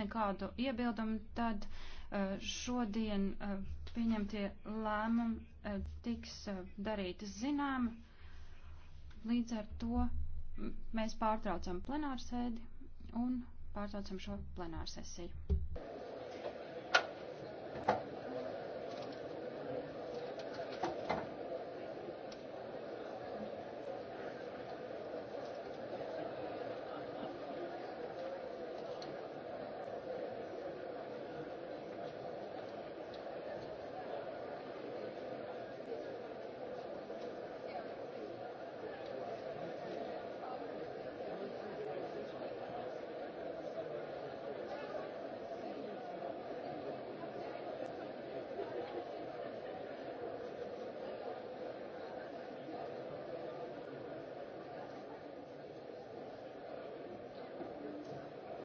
nekādu iebildumu, tad eh, šodien eh, pieņemtie lēmumi eh, tiks darīti zinām. Līdz ar to mēs pārtraucam plenārsēdi un pārtraucam šo plenārsesiju.